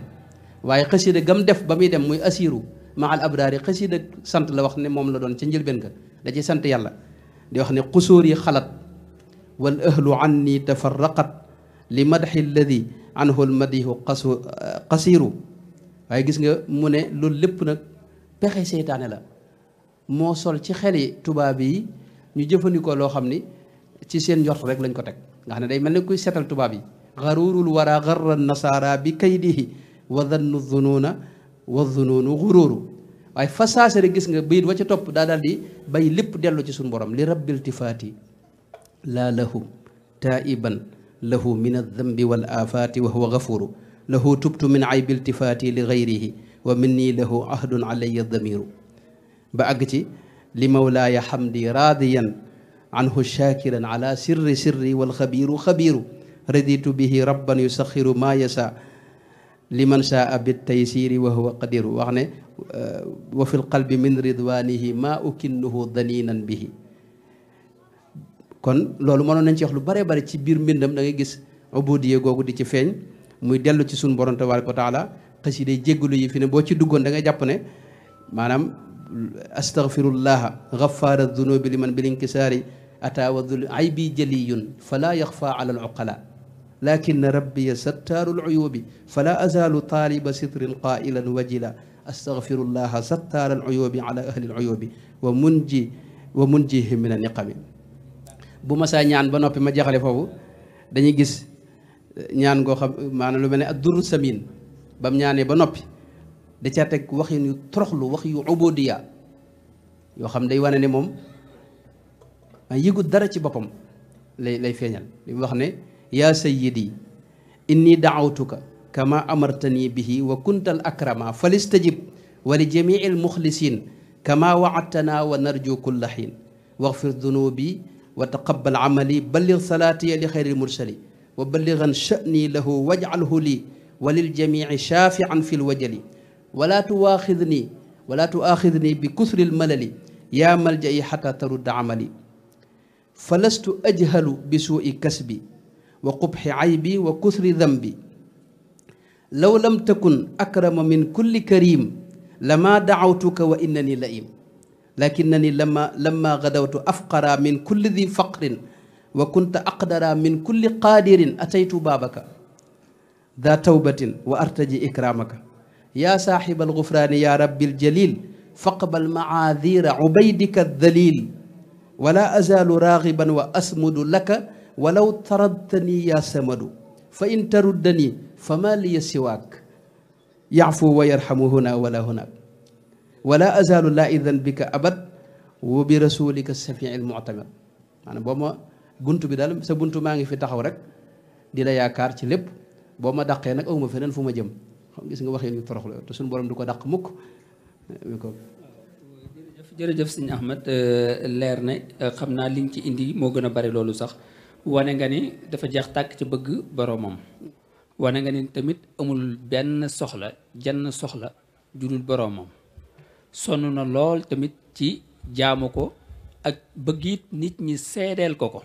waaye xasida gam def ba muy dem muy asiru ma al abraari xasida sant la wax ne moom la doon ci njëlbeen ka da ci sant yàlla di wax ne xusóor yi xalat wal ahlu an ni tafarraqat li madxi alladi anhu al madihu qasu qasiru waaye gis nga mu ne loolu lépp nag pexe seytaane la moo sol ci xel yi tubaab yi ñu jëfandikoo loo xam ni ci seen njort rek lañ ko teg nga xam ne day mel ni kuy seetal tubaab yi xaruurul wara xarra nasaara bi kaydihi wa dannu zunuuna wa zunuunu xuruuru waaye fa saasere gis nga bayit wa ca topp daa daal di bay lépp dellu ci suñu borom li rabbil tifaati laa lahu taiban lahu min aldambi wal afaati wa huwa gafuru lahu tubtu min aybi iltifaati li gayrihi wa minni lahu ahdun alayya damiru ba àgg ci li mawlaaya xamdi raadiyan anhu shakiran ala sirri sirri walxabiru xabiru raditu bihi rabban yusaxiru ma yasa liman saa bit taysiri wa huwa qadiru wax ne wa fi lqalbi min ridwanihi ma ukinnuhu daninan bihi kon loolu mënoon nañ ci wax lu bare bare ci biir mbindam da ngay gis ubudiye googu di ci feeñ muy dellu ci suñu borom tabaraka wa taala xasida jéggalu yi fi ne boo ci duggoon dangay jàpp ne maanaam astaghfirullaha ghaffara dunubi liman bil أتى وذو عيبي جلي فلا يخفى على العقلاء لكن ربي ستار العيوب فلا أزال طالب ستر قائلا وجلا أستغفر الله ستار العيوب على أهل العيوب ومنجي ومنجيهم من النقم bu ma saa ñaan ba noppi ma jaxale foofu dañuy gis ñaan goo xam maanaam lu mel ne ak durru samin ba mu ñaanee ba noppi da ca teg waxin yu toroxlu wax yu ubodiya yoo xam day wane ne moom waaye yëgut dara ci boppam lay lay feeñal li mu wax ne yaa sayyidi inni daawtuka kama amartani bihi wa kuntal akrama falistajib wa li jamii almuxlisin kama waadtana wa narju kulla xiin waxfir dunubi wa taqabal amali ballir salaatiya li xayri lmursali wa balligan sha'ni lahu wajcalhu lii wa liljamici shaafian fi lwajali wala tuwaaxidni wala tuwaaxidni bi kusri lmalali yaa malja'i xata tarudda amali فلست أجهل بسوء كسبي وقبح عيبي وكثر ذنبي لو لم تكن أكرم من كل كريم لما دعوتك وإنني لئيم لكنني لما لما غدوت أفقر من كل ذي فقر وكنت أقدر من كل قادر أتيت بابك ذا توبة وأرتجي إكرامك يا صاحب الغفران يا رب الجليل فاقبل معاذير عبيدك الذليل ولا أزال راغبا وأسمد لك ولو طردتني يا سمد فإن تردني فما لي سواك يعفو ويرحم هنا ولا هناك ولا أزال لا إذن بك أبد وبرسولك السفيع المعتمد أنا بوما قنت بدالم سبنت ماني في تحورك دي لا يا كارتي لب بوما دقينك أو مفنن فما جم خمس نغوخين يطرخ لأتو سنبورم دوكو دق مك jërëjëf sëñ Ahmed euh, leer na euh, xam naa liñ ci indi moo gën a bari loolu sax wane nga ni dafa jeex tàkk ci bëgg boroomam wane nga ni tamit amul benn soxla jenn soxla jurul boroomam sonn na lool tamit ci jaamu ko ak bëgg it nit ñi seedeel ko ko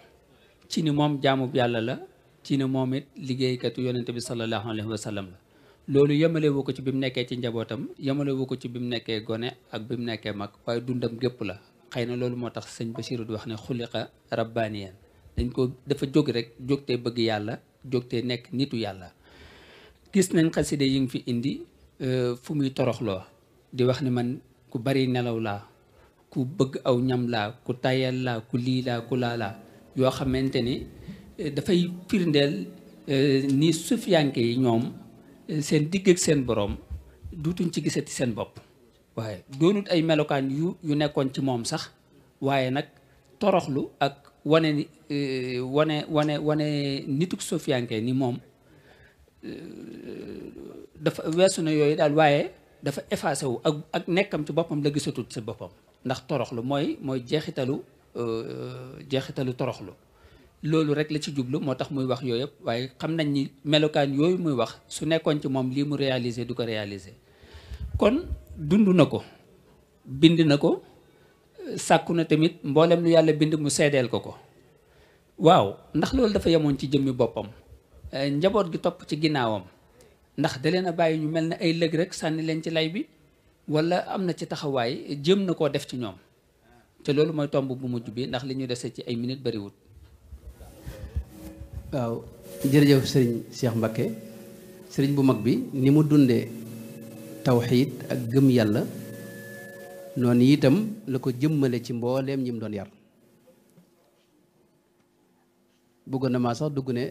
ci ni moom jaamu yàlla la ci ni moom it liggéeykatu yonente bi sallallahu alayhi wa sallam la loolu yemalewu ko ci bi mu nekkee ci njabootam yemalewu ko ci bi mu nekkee gone ak bi mu nekkee mag waaye dundam gépp la xëy na loolu moo tax sëñ Bachir di wax ne xuliqa rabbaaniyan dañ ko dafa jóg rek jógte bëgg yàlla jóg jógte nekk nitu yàlla gis nañ xaside yi nga fi indi euh, fu muy toroxloo di wax ni man ku bari nelaw laa ku bëgg aw ñam laa ku tayal laa ku lii laa ku laa laa yoo xamante ni euh, dafay firndeel euh, ni sufiyanke yi ñoom seen digg ak seen boroom duutuñ ci gisati seen bopp waaye doonut ay melokaan yu yu nekkoon ci moom sax waaye nag toroxlu ak wane e, wane wane wane nituk sofiyanke ni moom e, dafa weesu na yooyu daal waaye dafa effacé wu ak ak nekkam ci boppam la gisatul ci boppam ndax toroxlu mooy mooy jeexitalu e, jeexitalu toroxlu loolu rek la ci jublu moo tax muy wax yooyu yépp waaye xam nañ ni melokaan yooyu muy wax su nekkoon ci moom lii mu réaliser du ko réaliser kon dund na ko bind na ko sàkku na tamit mboolem lu yàlla bind mu seddeel ko ko waaw ndax loolu dafa yemoon ci jëmmi boppam eh, njaboot gi topp ci ginnaawam ndax da leen bàyyi ñu mel ne ay lëg rek sànni leen ci lay bi wala am na ci taxawaay jëm na koo def ci ñoom te loolu mooy tomb bu mujj bi ndax li ñu dese ci ay minutes bariwut waaw jërëjëf sëriñ Cheikh Mbacké sëriñ bu mag bi ni mu dundee tawxiid ak gëm yàlla noonu itam la ko jëmmale ci mbooleem ñi mu doon yar bëggoon na ma sax dugg ne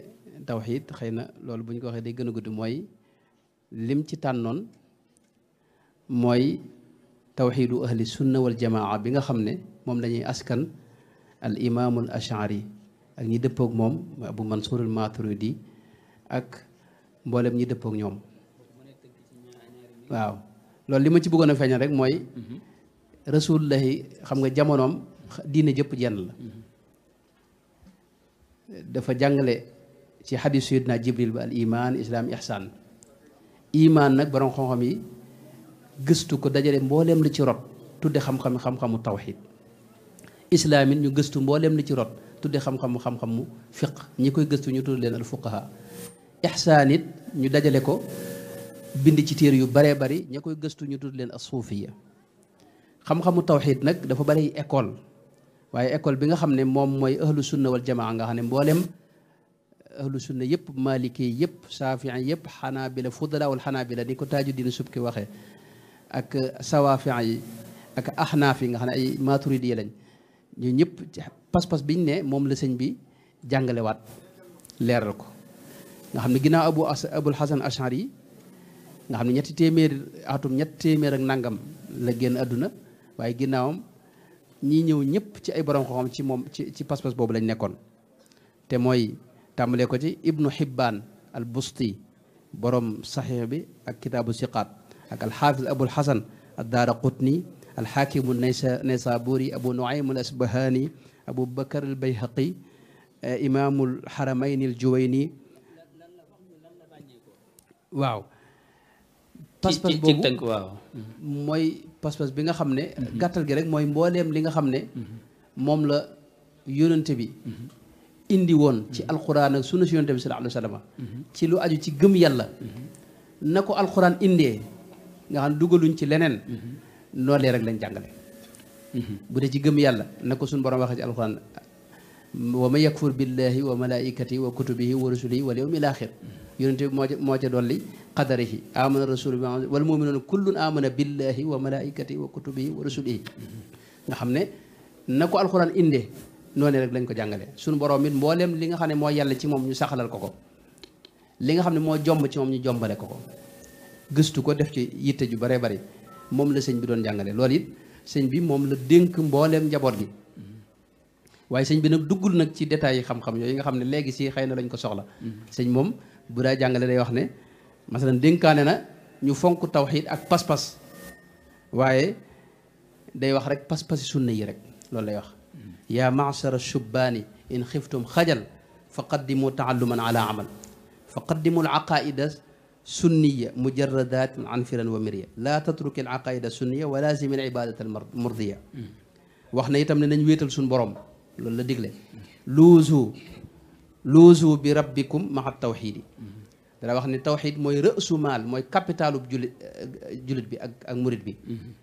tawxiid xëy na loolu bu ñu ko waxee day gën a gudd mooy lim ci tànnoon mooy tawxiidu ahli sunna wal jamaa bi nga xam ne moom lañuy askan al imaamul ashari ak ñi dëppook moom abu mansuurul maturidi ak mboolem ñi dëppook ñoom waaw loolu li ma ci bëggoon a feeñal rek mooy rasulullahi xam nga jamonoom diine jëpp jenn la dafa jàngale ci xadis sayyidina jibril ba al iman islaam ihsan iman nag borom xam-xam yi gëstu ko dajale mbooleem la ci rot tudde xam-xam xam-xamu tawxid islaamin ñu gëstu mbooleem li ci rot tudde xam-xamu xam-xamu fiq ñi koy gëstu ñu tudde leen al fuqaha ixsaan ñu dajale ko bind ci téer yu baree bari ña koy gëstu ñu tudde leen as suufiya xam-xamu tawxid nag dafa bari école waaye école bi nga xam ne moom mooy ahlu sunna wal jamaa nga xam ne mbooleem eh, ahlu sunna yëpp maliki yëpp saafia yëpp xanaabila fudala wal xanaabila ni ko taaju dina subki waxe ak sawafia yi ak axnaaf nga xam ne ay maturidi lañ ñu ñëpp pas-pas biñ ne moom la sëñ bi jàngalewaat leeral ko nga xam ne ginnaaw abu abul hasan ashari nga xam ne ñetti téeméer atum ñetti téeméer ak nangam la génn àdduna waaye ginnaawam ñi ñëw ñëpp ci ay borom xam ci moom ci ci pas boobu lañ nekkoon te mooy tàmbalee ko ci ibnu hibbaan al busti borom saxiix bi ak kitaabu siqaat ak alxaafis abul hasan ad daara qutni الحاكم النيسابوري أبو نعيم الأسبهاني أبو بكر البيهقي إمام الحرمين الجويني waaw pas-pas boobu tënk waaw mooy pas-pas bi nga xam ne gàttal gi rek mooy mbooleem li nga xam ne moom la yónante bi indi woon ci alquran ak sunna si yónante bi sallallahu alayhi wa sallam ci lu aju ci gëm yàlla na ko alquran indee nga xam ne dugaluñ ci leneen loolee rek lañ jàngale mhm. bu dee ci gëm yàlla na ko suñu borom waxee ci alxuraan wa man yakfur billahi wa malaikatihi wa kutubihi wa rusulihi wal yawmil axir yonente bi moo ca moo ca dolli qadarihi amana rasul bi wal muminuuna kullun amana billahi wa malaikatihi wa kutubihi wa rusulihi mhm. nga xam ne na ko alxuraan indee noonu rek lañ ko jàngale suñu borom it mbooleem li nga xam ne moo yàlla ci moom ñu saxalal ko ko li nga xam ne moo jomb ci moom ñu jombale ko ko gëstu ko def ci yitte ju bare bari moom la sëñ bi doon jàngale loolu it sëñ bi moom la dénk mbooleem njaboot gi waaye sëñ bi nag duggul nag ci détails yi xam-xam yooyu nga xam ne léegi si xëy na lañ ko soxla sëñ moom bu daa jàngale day wax ne masalan dénkaane na ñu fonk tawxiid ak pas waaye day wax rek pas-pasi sunna yi rek loolu lay wax yaa maachara shubbaani in xiftum xajal fa qaddimu taalluman ala amal fa qaddimu al aqaida سنية مجردات من عنفرا ومريا لا تترك العقائد السنية ولازم العبادة المرضية وحنا يتم ننجويت السن بروم لولا ديغلي لوزو لوزو بربكم مع التوحيد دا وخني التوحيد موي راس مال موي كابيتال جولت بي اك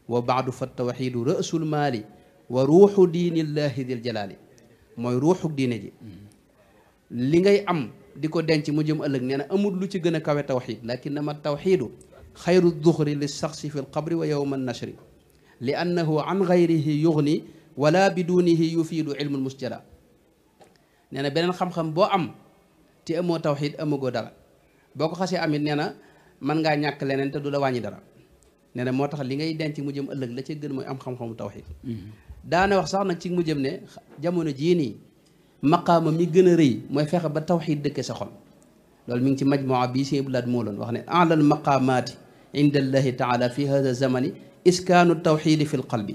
وبعد فالتوحيد راس المال وروح دين الله ذي الجلال موي روح دين جي ام diko denc mu jëm ëlëk neena amul lu ci gëna kawé tawhid tawxid ma tawhidu khayru duxri li shakhsi fil lqabri wa yawm an annashri li annahu an gayrihi yugni wala bidunihi yufiidu ilm al musjara neena benen xam-xam bo am te amoo tawxid amagoo dara boko xasse amit neena man nga ñak leneen te du la wàññi dara neena motax li ngay denc mu jëm ëlëk la ci gën moy am xam-xamu tawxid daana wax sax nak ci mu jëm ne jamono jii nii مقام مي گنا ري موي فخ با توحيد دك سا لول مي مجموعه بي سي بلاد مولون واخني اعلى المقامات عند الله تعالى في هذا الزمن اسكان التوحيد في القلب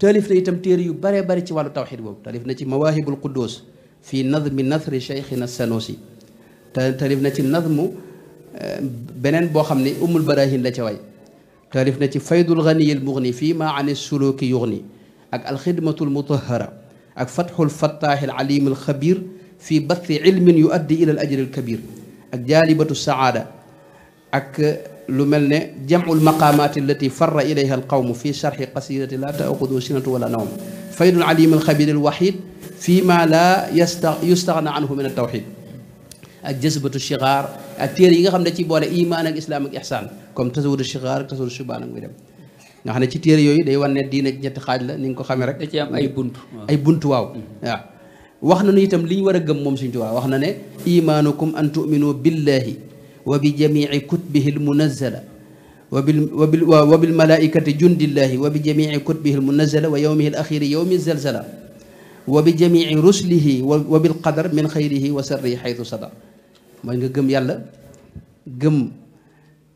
تالف ني تام تير يو بري بري سي والو توحيد بوب تالف ني مواهب القدوس في نظم نثر شيخنا السنوسي تالف ني نظم بنين بو خامني ام البراهين لا تي تالف ني فيض الغني المغني فيما عن السلوك يغني اك الخدمه المطهره اك فتح الفتاح العليم الخبير في بث علم يؤدي الى الاجر الكبير اك جالبه السعاده اك لو جمع المقامات التي فر اليها القوم في شرح قصيده لا تاخذ سنه ولا نوم فيد العليم الخبير الوحيد فيما لا يستغنى عنه من التوحيد اك جذبه الشغار اك تيري ييغا خا ايمان اك اسلام اك احسان كم تزود الشغار تزود الشبان ويدم nga xam ne ci téere yooyu day wane ne diina ñetti xaaj la ni nga ko xamee rek. da ci am ay buntu ay buntu waaw. waaw wax na nu itam li ñu war a gëm moom Sëriñ Tuubaa wax na ne. imaanukum an tu'minu billahi wa bi jamiici kutubihi almunazzala wa bil wa bil wa bil malaaikati jundillahi wa bi jamiici kutubihi almunazzala wa yawmihi alaxiri yawmi zalzala wa bi jamiici rusulihi wa bil qadar min xayrihi wa sarrihi xaytu sada mooy nga gëm yàlla gëm.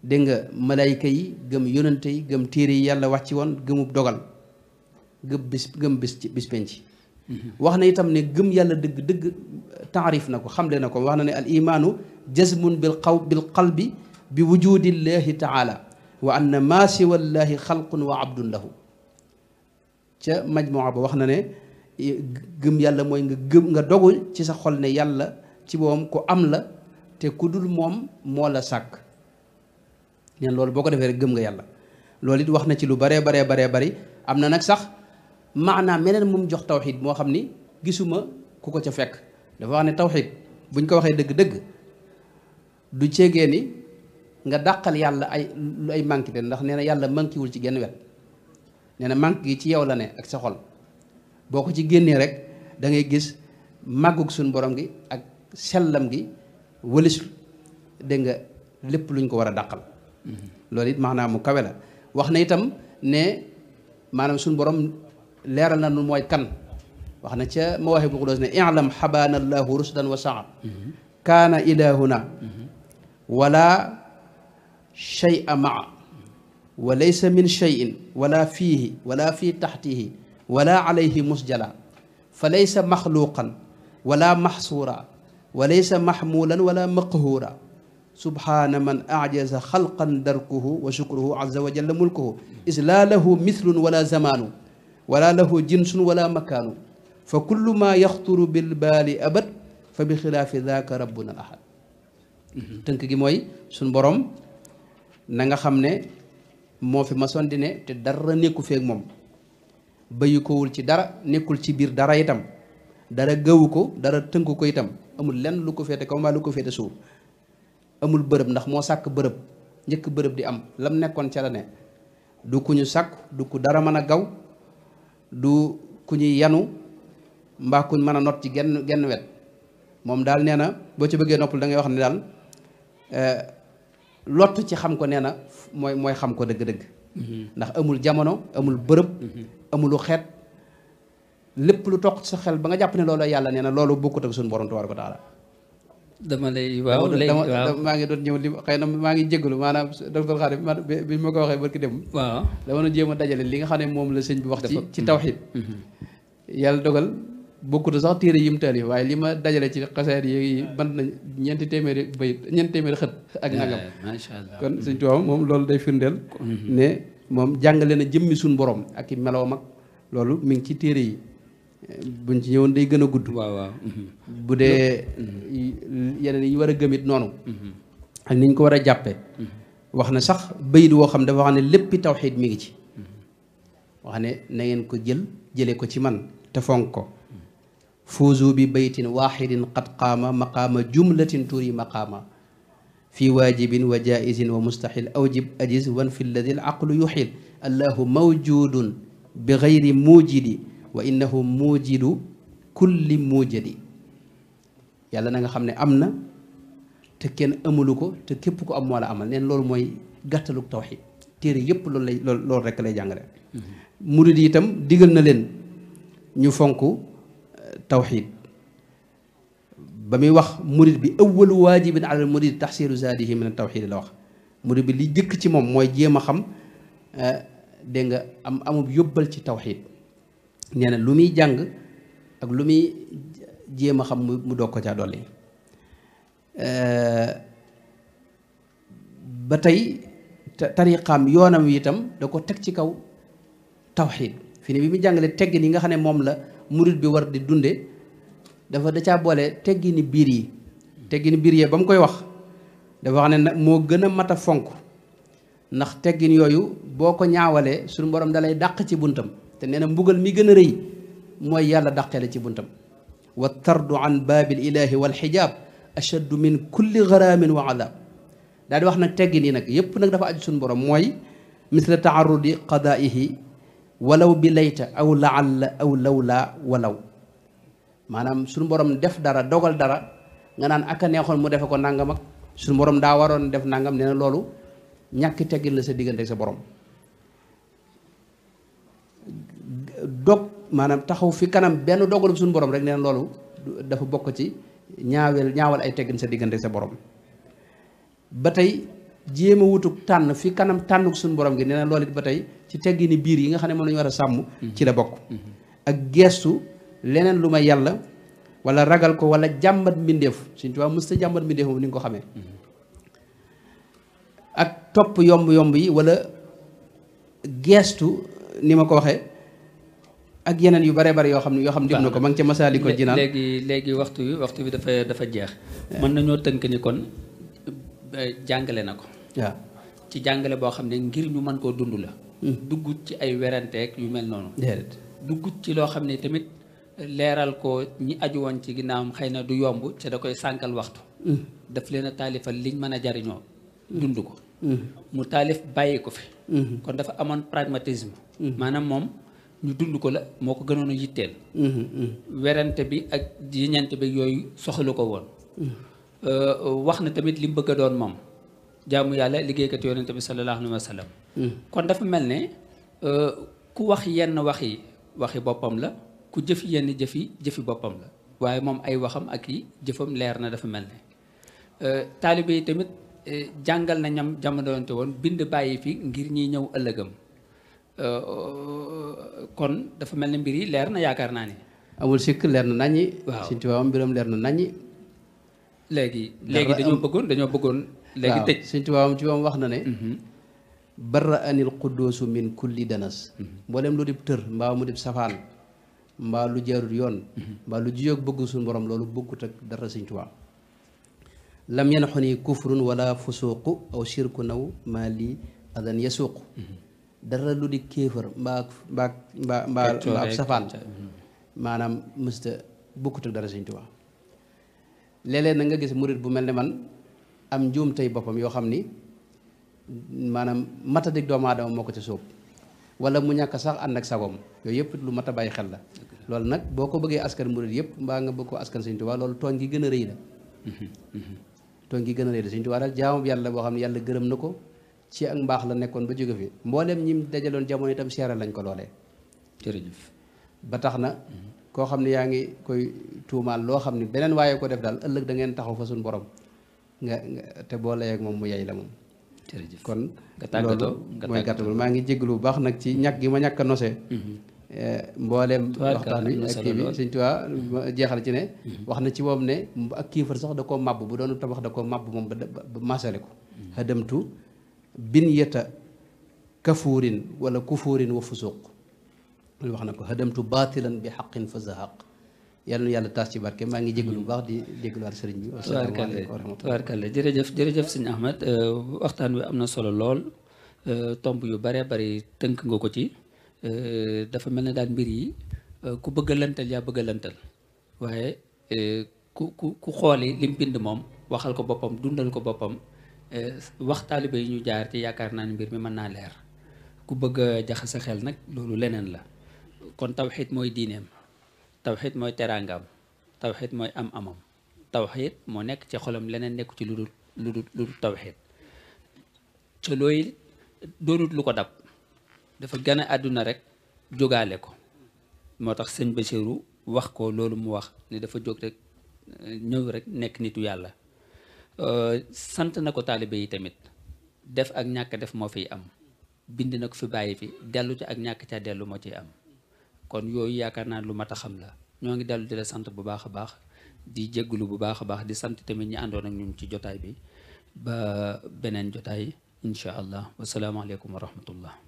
dégg nga malayka yi gëm yonante yi gëm téere yi yàlla wàcc woon gëmub dogal gëm bis gëm bis bis penc wax na itam ne gëm yàlla dëgg dëgg taarif na ko xamle na ko wax na ne al imaanu jazmun bil xaw bil qalbi bi wujudillahi taala wa anna maa siwa llahi xalqun wa abdun lahu ca majmua ba wax na ne gëm yàlla mooy nga gëm nga dogu ci sa xol ne yàlla ci boobam ku am la te ku dul moom moo la sàkk ñan lool boko defé rek gëm nga yalla loolu it wax na ci lu bare bare bare bari amna nak sax makna menen mum jox tawhid mo xamni gisuma kuko ca fekk dafa wax ni tawhid buñ ko waxee deug deug du ceegee ni nga dàqal yalla ay lu ay manki den ndax neena yalla manki wul ci genn wet neena na ci yow la ne ak sa xol boko ci génnee rek da ngay gis maguk sun borom gi ak selam gi wëlis de nga lepp luñ ko wara loolu it maanaam mu kawe la wax na itam ne maanaam suñu borom leeral na nu mooy kan wax na ca mawaahibul quddus ne i'lam xabaana allahu rusdan wa saa kaana ilahuna wala shay'a maa wa laysa min shay'in wala fiihi wala fi taxtihi wala alayhi musjala fa laysa maxluqan wala maxsuura wa laysa maxmuulan wala maqhuura سبحان من أعجز خلقا دركه وشكره عز وجل ملكه إذ لا له مثل ولا زمان ولا له جنس ولا مكان فكل ما يخطر بالبال أبد فبخلاف ذاك ربنا الأحد tënk gi mooy suñ borom na nga xam ne moo fi masoon di ne te dara nekku feek moom bayu kowul ci dara nekkul ci biir dara itam dara gëwu ko dara tënku ko itam amul lenn lu ko féete kaw mbaa lu ko féete suuf amul bërëb ndax moo sàkk bërëb njëkk bërëb di am lam nekkoon ca la ne du ku ñu sàkk du ku dara mën a gaw du ku ñuy yanu mbaa kuñ mën a nott ci genn genn wet moom daal nee na boo ci bëggee noppal da ngay wax ne daal eh, lott ci xam ko nee na mooy mooy xam ko dëgg-dëgg mm-hmm. ndax amul jamono amul bërëb mm-hmm. amulu xeet lépp lu toq sa xel ba nga jàpp ne loolu yàlla nee na loolu bokkut ak suñu borom tabaaraka wa taala dama lay waaw léegi waaw maa ngi doon ñëw li xëy na maa ngi jégalu maanaam docteur Khadim man bi ma ko waxee barki dem waaw dama doon jéem a dajale li nga xam ne moom la sëñ bi wax ci ci tawxid mm-hmm. mm-hmm. yàlla dogal bokkut sax téere yi mu yi waaye li ma dajale ci xasaar yi bant na ñeenti téeméeri bayit ñeenti téeméeri xët ak nangam macha allah kon sëñ Tuubaa moom loolu day firndeel mm-hmm. ne moom jàngale na jëmmi suñ borom ak i meloom mag loolu mi ngi ci téere yi buñ ci ñewon day gëna gudd. waaw waaw bu dé yeneen yi wara gëmit nonu ak niñ ko wara jappé jàppee. wax na sax bayit wo xam dafa wax ne léppi tawxiid mi ngi ci. wax ne na ngeen ko jël jëlé ko ci man te fonk ko. fuzu bi baytin wahidin qad qama maqama jumlatin turi maqama fi wajibin wa jaizin wa mustahil awjib ajiz wan fil ladhi al aql yuhil allah mawjudun bighayri mujidi wa innahu muujidu kulli muujadi yàlla na nga xam ne am na te kenn amalu ko te képp ko am moo la amal neen loolu mooy gàttalu tawxiid téere yépp loolu lay loolu rekk lay jàngale mm-hmm. murid yi itam digal na leen ñu fonk euh, tawxiid ba muy wax murid bi awwalu waajibin ala murid taxsiilu zaadihi min tawxiid la wax murid bi li jëkk ci moom mooy jéem a xam euh, dégg nga am amub yóbbal ci tawxiid nee lu muy jàng ak lu muy jéem a xam mu doog ko caa dolli euh, ba tey tariqaam yoonam wi itam da ko teg ci kaw tawxiid fi ne bi mu jàngale teggin yi nga xam ne moom la murit bi war di dunde dafa da caa boole teggini biir yi teggini biir yee ba mu koy wax dafa wax ne moo gën a mat a fonk ndax teggin yooyu boo ko ñaawalee suñu borom dalay dàq ci buntam te nee na mbugal mi gën a rëy mooy yàlla dàqee la ci buntam wa tardu an baabil ilaahi wal xijaab ashaddu min kulli garaamin wa adaab daal di wax nag teggi nii nag yépp nag dafa aju suñu borom mooy misla taarudi qadaihi walaw bi layta aw laalla aw lawla walaw maanaam suñu borom def dara dogal dara nga naan aka neexoon mu defe ko nangam ak suñu borom daa waroon def nangam nee na loolu ñàkki teggin la sa diggante ak sa borom dog maanaam taxaw fi kanam benn dogalu suñu borom rek neen loolu dafa bokk ci ñaawel ñaawal ay teggin sa diggante sa borom ba tey jéem a wutuk tànn fi kanam tànnuk suñu borom gi nee na it ba tey ci teggini biir yi nga xam ne moom la ñu war a sàmm ci la bokk mm-hmm. ak geestu leneen lu ma yàlla wala ragal ko wala jàmbat mbindeef Sëñ Tuubaa mës ta jàmbat mbindeef moom ni nga ko xamee mm-hmm. ak topp yomb yomb yi wala geestu ni ma ko waxee ak yeneen yu bare bare yoo xam ne yoo xam ne def na ko ma ngi ca Masaalikul Jinaan léegi léegi waxtu wi waxtu bi dafa dafa jeex eh. mën nañoo tënk ni kon jàngale na ko waaw ci jàngale boo xam ne ngir ñu mën koo dund la hmm. dugg ci ay weranteeg yu mel noonu dugg ci loo xam ne tamit leeral ko ñi aju woon ci am xëy na du yomb te da koy sànkal waxtu hmm. daf leen taalifal liñ mën a jariñoo hmm. dund ko mu taalif bàyyi ko fi kon dafa amoon pragmatisme maanaam moom ñu dund ko la moo ko gënoon a yitteel werante bi ak jiñante bi yooyu soxalu ko woon euh, wax na tamit li mu bëgg a doon moom jàmm yàlla liggéeykat yonente bi sallallahu alayhi wa sallam kon dafa mel ne euh, ku wax yenn waxi waxi boppam la ku jëf yenn jëfi jëfi boppam la waaye moom ay waxam ak yi jëfam leer na dafa mel ne euh, taalibe yi tamit jàngal na ñam jamondoonte woon bind bàyyi fi ngir ñiy ñëw ëllëgam Euh, kon dafa mel ne mbir yi leer na yaakaar naa ni. amul sikk leer na naññi. waaw Sëñ mbiram leer na naññi. léegi léegi dañoo bëggoon dañoo bëggoon. léegi tëj waaw Sëñ ci moom wax na ne. Mhm. barra anil quddoosu min kulli danas. Mhm. mboolem lu dib tër mbaa mu dib safaan. mbaa lu jaarul yoon. Mhm. mbaa lu jiyoog bëgg suñ borom loolu bëggut ak dara Sëñ Tuubaa. lam yanxuni kufrun wala fusuuqu aw shirku naw maa lii adan yasuuqu dara lu di kéefër mbaa mbaa mbaa mbaa ab safaan hmm. maanaam mësta bukkut ak dara sëñ Tuubaa léeg-léeg na nga gis murit bu mel ne man am njuum tey boppam yoo xam ni maanaam matadik doomu aadama moo ko ci sóob wala mu ñàkk sax ànd ak sagoom yooyu yëpp lu mat a bàyyi xel la loolu nag boo ko bëggee askan murit yëpp mbaa nga bëgg ko askan sëñ Tuubaa loolu tooñ gi gën a rëy la tooñ gi gën a rëy la sëñ Tuubaa daal jaamu yàlla boo xam ne yàlla gërëm na ko ci ak mbaax la nekkoon ba jóge fi mbooleem ñim dajaloon jamono itam seere lañ ko loolee jërëjëf ba tax na koo xam ne yaa ngi koy tuumaal loo xam ne beneen waaye ko def daal ëllëg da ngeen taxaw fa suñu borom nga te boo layeeg moom mu yey la moom jërëjëf kon loolu mooy gàttal maa ngi jéglu bu baax nag ci ñàkk gi ma ñakk nose nosee mhm. eh, mbooleem waxtaan wi ak kii bi sëñ Tuubaa mhm. ci ne mhm. wax na ci moom ne ak sax da koo màbb bu doon tabax da koo màbb moom ba masale ko xëdamtu binyata kafuurin wala kufuurin wa fusuq loolu wax na ko hadamtu baatilan bi xaqin fa zahaq yàlla na yàlla taas ci barke maa ngi jégalu bu baax di jégaluwaat sëriñ bi. asalaamaaleykum wa rahmatulah tubaarkàlla jërëjëf jërëjëf sëñ Ahmed euh, waxtaan wi am na solo lool euh, tomb yu bare bari tënk nga ko ci euh, dafa mel ne daal mbir yi ku bëgg a lëntal yaa bëgg lëntal waaye ku ku ku xooli lim bind moom waxal ko boppam dundal ko boppam. Eh, wax taalibe yi ñu jaar ci yaakaar naa ni mbir mi mën naa leer ku bëgg a sa xel nag loolu leneen la kon tawxid mooy diineem tawxid mooy teraangaam tawxid mooy am amam tawxid moo nekk ci xolam leneen nekku ci lu dul lu dul lu dul ca looy doonut lu ko dab dafa gën àdduna rek jógaale ko moo tax sëñ Basiru wax ko loolu mu wax ni dafa jóg rek eh, ñëw rek nekk nitu yàlla sant na ko taalibe yi tamit def ak ñàkk def moo fi am bind na ko fi bàyyi fi dellu ci ak ñàkk ca dellu moo ci am kon yooyu yaakaar naa lu mat a xam la ñoo ngi dellu di la sant bu baax a baax di jéggulu bu baax a baax di sant tamit ñi àndoon ak ñun ci jotaay bi ba beneen jotaay incha allah wasalaamaaleykum wa rahmatullah